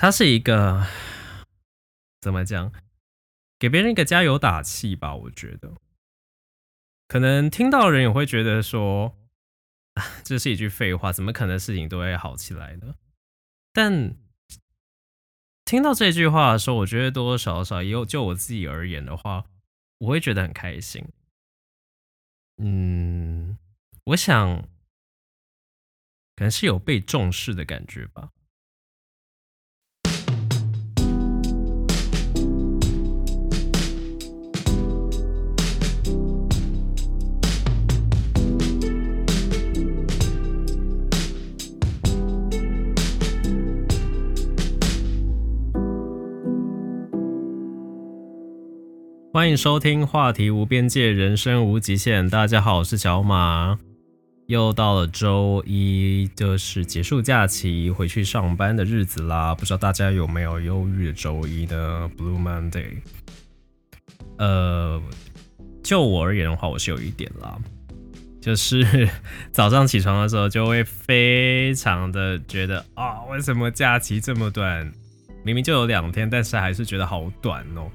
他是一個怎麼講？給別人一個加油打氣吧，我覺得可能聽到人也會覺得說啊，這是一句廢話，怎麼可能事情都會好起來呢？但聽到這句話的時候，我覺得多多少少，也有就我自己而言的話，我會覺得很開心。嗯，我想可能是有被重視的感覺吧。歡迎收聽話題無邊界，人生無極限。大家好，我是小馬。又到了週一，就是結束假期、回去上班的日子啦。不知道大家有沒有憂鬱的週一呢？Blue Monday。呃，就我而言的話，我是有一點啦。就是早上起床的時候，就會非常的覺得啊，哦，為什麼假期這麼短？明明就有兩天，但是還是覺得好短哦。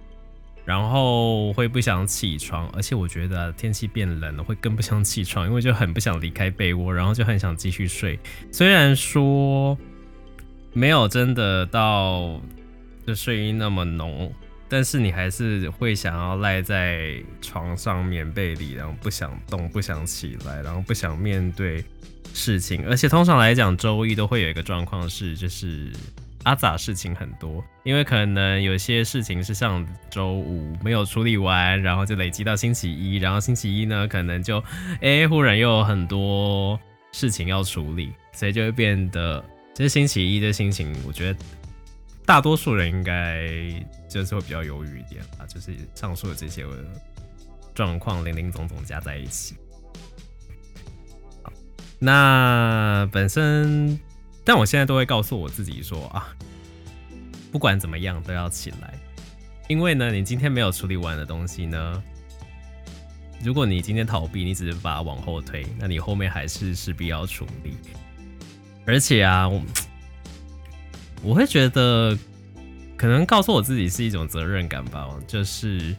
然後會不想起床，而且我覺得、啊、天氣變冷了會更不想起床，因為就很不想離開被窩，然後就很想繼續睡。雖然說沒有真的到的睡意那麼濃，但是你還是會想要賴在床上，棉被裡，然後不想動，不想起來，然後不想面對事情。而且通常來講，周一都會有一個狀況是，就是。阿、啊、咋事情很多，因為可能有些事情是上周五沒有處理完，然後就累積到星期一，然後星期一呢，可能就誒、欸，忽然又有很多事情要處理，所以就會變得，這、就是、星期一的心情，我覺得大多數人應該就是會比較猶豫一點吧，就是上述的這些狀況林林總總加在一起，那本身。但我現在都會告訴我自己說啊，不管怎麼樣都要起來，因為呢，你今天沒有處理完的東西呢，如果你今天逃避，你只是把它往後推，那你後面還是勢必要處理。而且啊，我我會覺得，可能告訴我自己是一種責任感吧，就是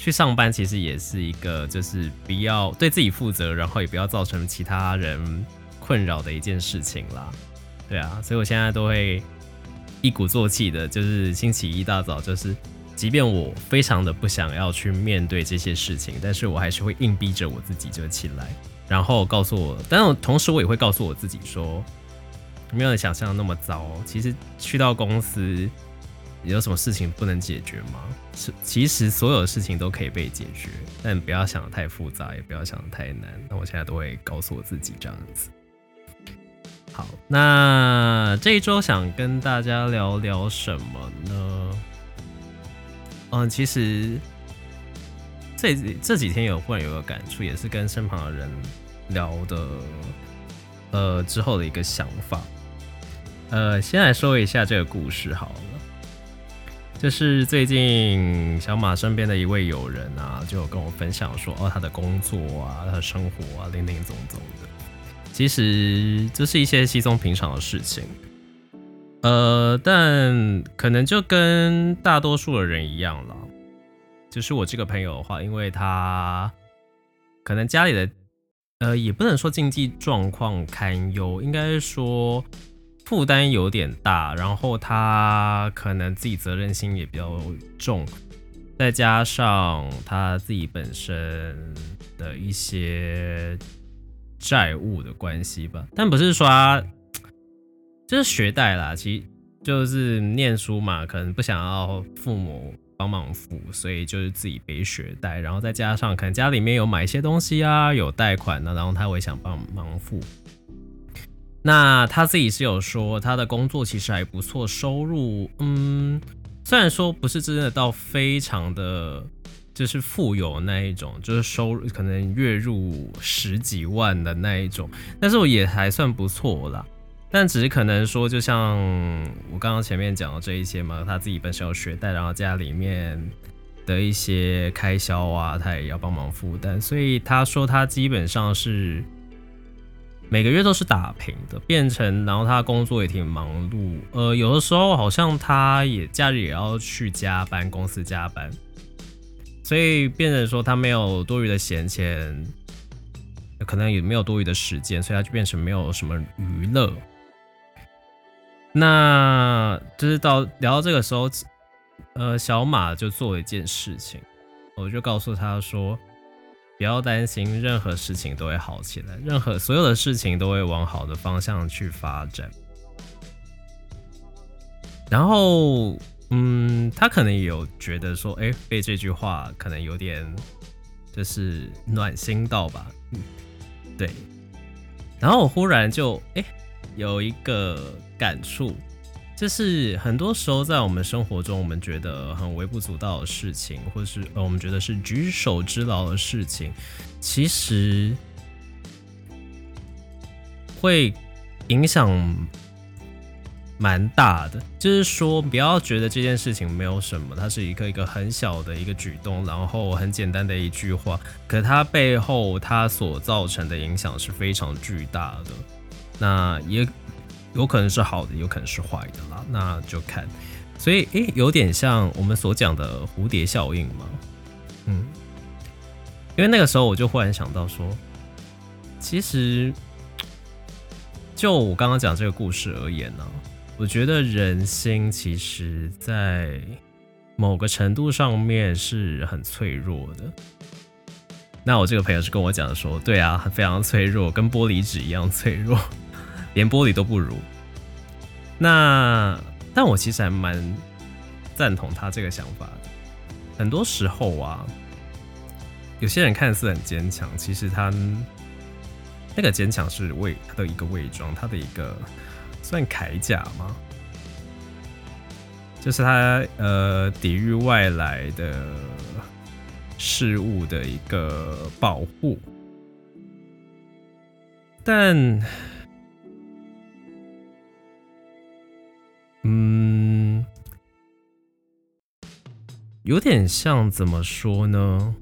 去上班其實也是一個，就是不要對自己負責，然後也不要造成其他人，困擾的一件事情啦，對啊，所以我現在都會一鼓作氣的，就是星期一大早，就是，即便我非常的不想要去面對這些事情，但是我還是會硬逼着我自己就起來，然後告訴我，但我同時我也會告訴我自己說，沒有想象的那麼糟，其實去到公司，有什麼事情不能解決嗎？是，其實所有的事情都可以被解決，但不要想的太複雜，也不要想的太難。那我現在都會告訴我自己這樣子。好，那這一周想跟大家聊聊什麼呢？嗯，其實這這幾天有忽然有個感觸，也是跟身旁的人聊的，呃，之後的一個想法。呃，先來說一下這個故事好了，就是最近小馬身邊的一位友人啊，就跟我分享說，哦，他的工作啊，他的生活啊，林林總總的。其實這是一些稀鬆平常的事情，呃，但可能就跟大多數的人一樣啦，就是我這個朋友的話，因為他可能家裡的，呃，也不能說經濟狀況堪憂，應該說負擔有點大。然後他可能自己責任心也比較重，再加上他自己本身的一些債務的關係吧，但不是說啊，就是學貸啦，其實就是念書嘛，可能不想要父母幫忙付，所以就是自己背學貸，然後再加上可能家裡面有買一些東西啊，有貸款的，然後他會想幫忙付。那他自己是有說他的工作其實還不錯，收入嗯，雖然說不是真的到非常的。就是富有那一種，就是收入可能月入十幾萬的那一種，但是我也還算不錯啦。但只是可能說，就像我剛剛前面講的這一些嘛，他自己本身有學貸，然後家裡面的一些開銷啊，他也要幫忙負擔，所以他說他基本上是每個月都是打平的，變成然後他工作也挺忙碌，呃，有的時候好像他也假日也要去加班，公司加班。所以變成說他沒有多餘的閒錢，可能也沒有多餘的時間，所以他就變成沒有什麼娛樂。那就是到聊到這個時候，呃，小馬就做一件事情，我就告訴他說，不要擔心，任何事情都會好起來，任何所有的事情都會往好的方向去發展。然後。嗯，他可能也有覺得說，哎，被這句話可能有點，就是暖心到吧，嗯，對。然後我忽然就哎，有一個感觸，就是很多時候在我們生活中，我們覺得很微不足道的事情，或者是呃，我們覺得是舉手之勞的事情，其實會影響。蠻大的，就是說不要覺得這件事情沒有什麼，它是一個一個很小的一個舉動，然後很簡單的一句話，可它背後它所造成的影響是非常巨大的。那也有可能是好的，有可能是壞的啦，那就看。所以，誒，有點像我們所講的蝴蝶效應嘛。嗯，因為那個時候我就忽然想到說，其實就我剛剛講這個故事而言呢。我覺得人心其實，在某個程度上面是很脆弱的。那我這個朋友是跟我講的，說，對啊，非常脆弱，跟玻璃紙一樣脆弱，連玻璃都不如。那但我其實還蠻贊同他這個想法的。很多時候啊，有些人看似很堅強，其實他那個堅強是偽他的一個偽裝，他的一個。算鎧甲嗎？就是他呃，抵禦外來的事物的一個保護。但，嗯，有點像怎麼說呢？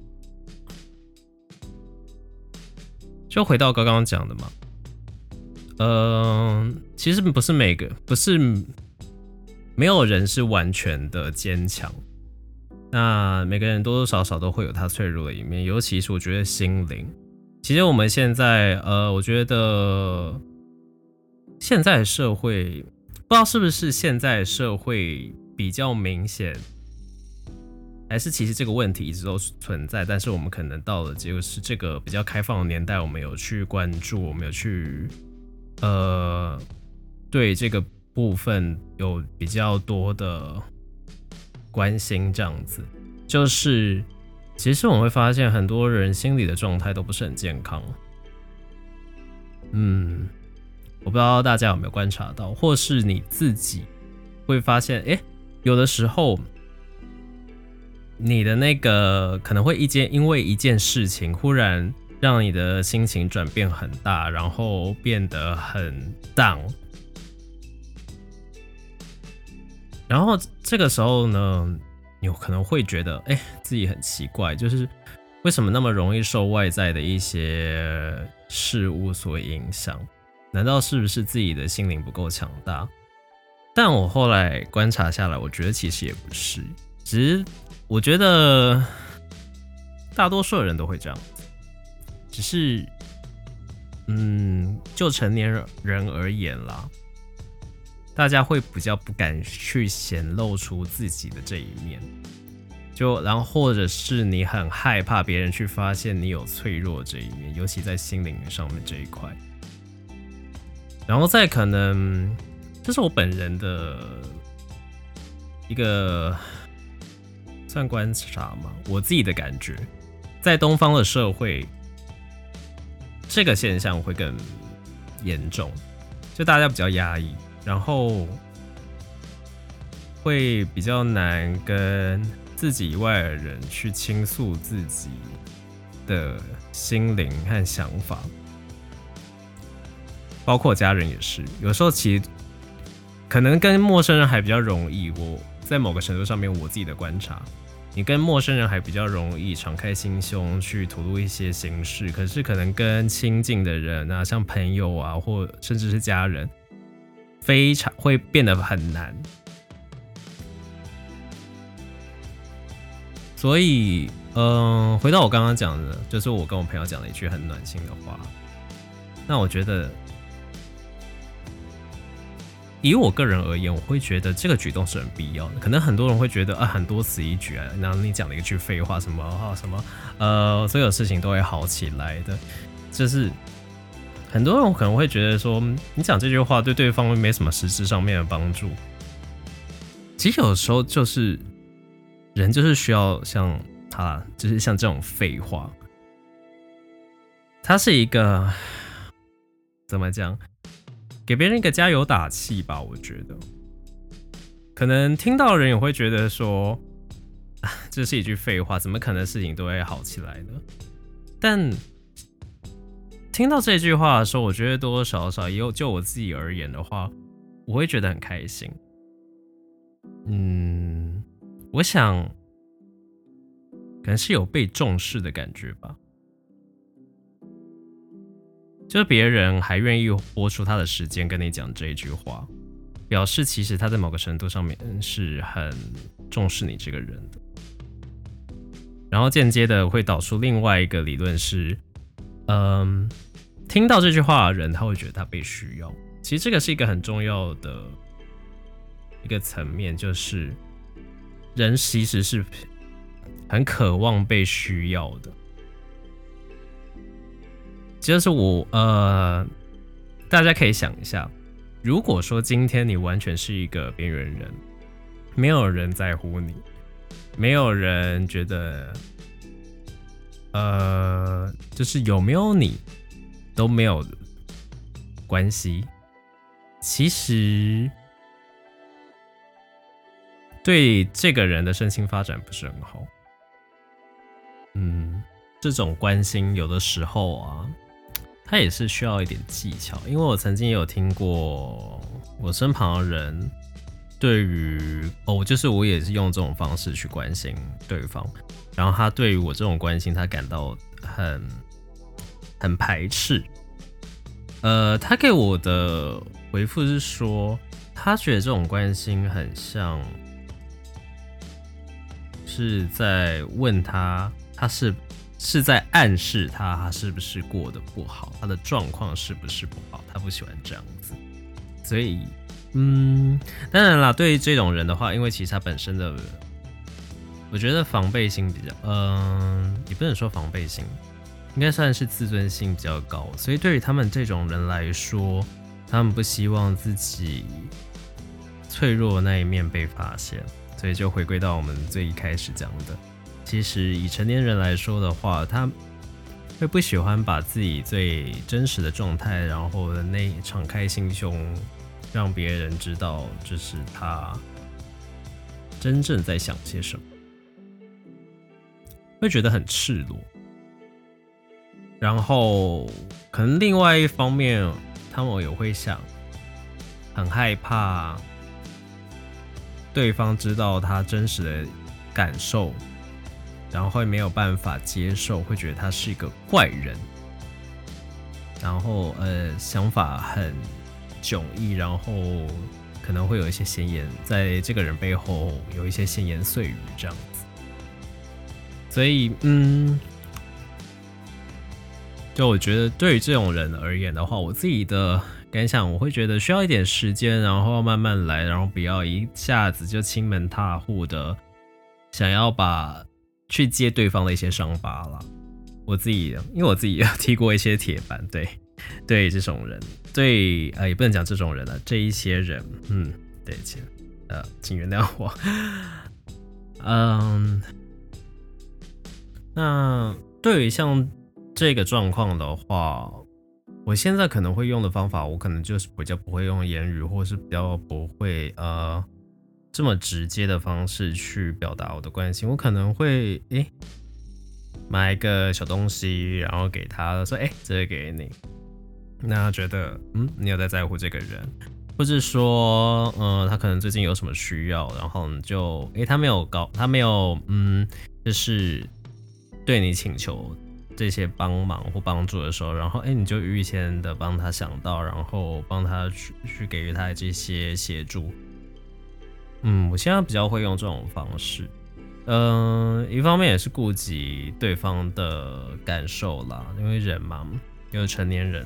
就回到剛剛講的嘛。呃，其實不是每個，不是沒有人是完全的堅強。那每個人多多少少都會有他脆弱的一面，尤其是我覺得心靈。其實我們現在，呃，我覺得現在的社會不知道是不是現在社會比較明顯，還是其實這個問題一直都存在。但是我們可能到了，就是這個比較開放的年代，我們有去關注，我們有去。呃，對這個部分有比較多的關心，這樣子就是，其實我們會發現很多人心理的狀態都不是很健康。嗯，我不知道大家有沒有觀察到，或是你自己會發現，誒，有的時候你的那個可能會一件，因為一件事情忽然，讓你的心情轉變很大，然後變得很 down。然後這個時候呢，有可能會覺得，哎、欸，自己很奇怪，就是為什麼那麼容易受外在的一些事物所影響？難道是不是自己的心靈不夠強大？但我後來觀察下來，我覺得其實也不是。其實我覺得大多數人都會這樣。只是，嗯，就成年人而言啦，大家會比較不敢去顯露出自己的這一面，就然後或者是你很害怕別人去發現你有脆弱這一面，尤其在心靈上面這一塊。然後再可能，這是我本人的一個算觀察嗎？我自己的感覺，在東方的社會。這個現象會更嚴重，就大家比較壓抑，然後會比較難跟自己以外的人去傾訴自己的心靈和想法，包括家人也是。有時候其實可能跟陌生人還比較容易，我在某個程度上面，我自己的觀察。你跟陌生人還比較容易敞開心胸去吐露一些心事，可是可能跟親近的人啊，像朋友啊，或甚至是家人，非常會變得很難。所以，嗯、呃，回到我剛剛講的，就是我跟我朋友講了一句很暖心的話。那我覺得。以我個人而言，我會覺得這個舉動是很必要的。可能很多人會覺得啊，很多此一舉啊，那你講了一句廢話，什麼、啊、什麼，呃，所有事情都會好起來的。就是很多人可能會覺得說，你講這句話對對方沒什麼實質上面的幫助。其實有時候就是，人就是需要像他，就是像這種廢話，他是一個怎麼講？給別人一個加油打氣吧，我覺得，可能聽到人也會覺得說，啊，這是一句廢話，怎麼可能事情都會好起來呢？但聽到這句話的時候，我覺得多多少少，也有就我自己而言的話，我會覺得很開心。嗯，我想，可能是有被重視的感覺吧。就是別人還願意撥出他的時間跟你講這一句話，表示其實他在某個程度上面是很重視你這個人的。然後間接的會導出另外一個理論是，嗯，聽到這句話的人他會覺得他被需要。其實這個是一個很重要的一個層面，就是人其實是很渴望被需要的。就是我呃，大家可以想一下，如果說今天你完全是一個邊緣人，沒有人在乎你，沒有人覺得，呃，就是有沒有你都沒有關係，其實對這個人的身心發展不是很好。嗯，這種關心有的時候啊。他也是需要一點技巧，因為我曾經也有聽過我身旁的人對於哦，就是我也是用這種方式去關心對方，然後他對於我這種關心，他感到很很排斥。呃，他給我的回復是說，他覺得這種關心很像是在問他，他是。是在暗示他是不是過得不好，他的狀況是不是不好，他不喜歡這樣子，所以，嗯，當然啦，對於這種人的話，因為其實他本身的，我覺得防備心比較，嗯、呃，也不能說防備心，應該算是自尊心比較高，所以對於他們這種人來說，他們不希望自己脆弱的那一面被發現，所以就回歸到我們最一開始講的。其實，以成年人來說的話，他會不喜歡把自己最真實的狀態，然後那敞開心胸，讓別人知道這是他真正在想些什麼，會覺得很赤裸。然後，可能另外一方面，他們也會想，很害怕對方知道他真實的感受。然後會沒有辦法接受，會覺得他是一個怪人，然後呃，想法很迥異，然後可能會有一些閒言，在這個人背後有一些閒言碎語這樣子，所以嗯，就我覺得對於這種人而言的話，我自己的感想，我會覺得需要一點時間，然後要慢慢來，然後不要一下子就侵門踏戶的想要把。去揭對方的一些傷疤了。我自己，因為我自己有踢過一些鐵板，對，對這種人，對，呃，也不能講這種人了，這一些人，嗯，對，請，呃，請原諒我。嗯，那對於像這個狀況的話，我現在可能會用的方法，我可能就是比較不會用言語，或者是比較不會，呃。這麼直接的方式去表達我的關心，我可能會誒、欸，買一個小東西，然後給他說：“哎、欸，這個給你。”那他覺得嗯，你有在在乎這個人，或是說嗯、呃，他可能最近有什麼需要，然後你就誒、欸、他沒有告他沒有嗯，就是對你請求這些幫忙或幫助的時候，然後誒、欸、你就預先的幫他想到，然後幫他去去給予他這些協助。嗯，我現在比較會用這種方式。嗯、呃，一方面也是顧及對方的感受啦，因為人嘛，因為成年人，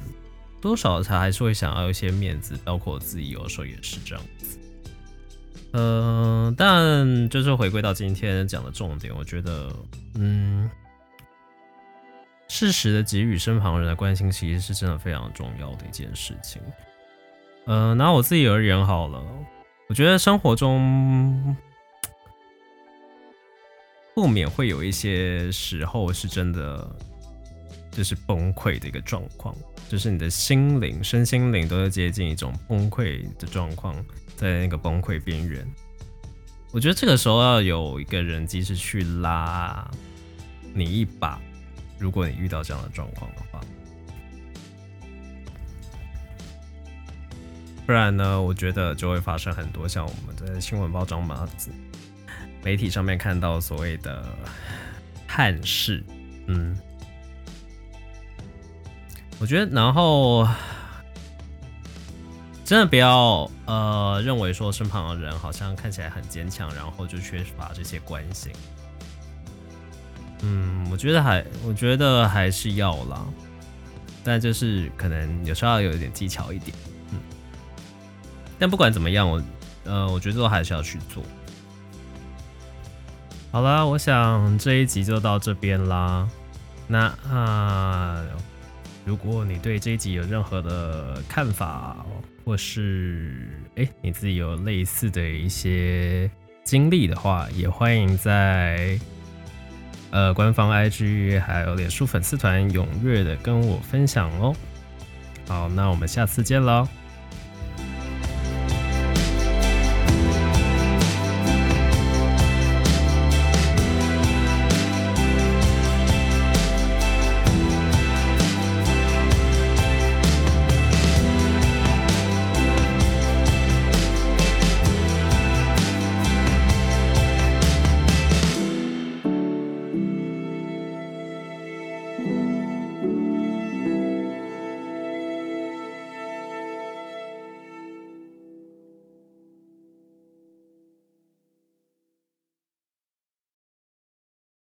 多少他還是會想要一些面子，包括我自己有的時候也是這樣子。嗯、呃，但就是回歸到今天講的重點，我覺得，嗯，適時的給予身旁人的關心，其實是真的非常的重要的一件事情。呃，拿我自己而言好了。我覺得生活中不免會有一些時候是真的，就是崩潰的一個狀況，就是你的心靈、身心靈都要接近一種崩潰的狀況，在那個崩潰邊緣。我覺得這個時候要有一個人及時去拉你一把，如果你遇到這樣的狀況的話。不然呢，我覺得就會發生很多像我們在新聞報章子、媒體上面看到所謂的憾事。嗯，我覺得，然後真的不要呃認為說身旁的人好像看起來很堅強，然後就缺乏這些關心。嗯，我覺得還，我覺得還是要啦，但就是可能有時候要有一點技巧一點。但不管怎麼樣，我呃，我覺得都還是要去做。好啦，我想這一集就到這邊啦。那啊，如果你對這一集有任何的看法，或是哎、欸、你自己有類似的一些經歷的話，也歡迎在呃官方 IG 還有臉書粉絲團踴躍的跟我分享哦。好，那我們下次見嘍。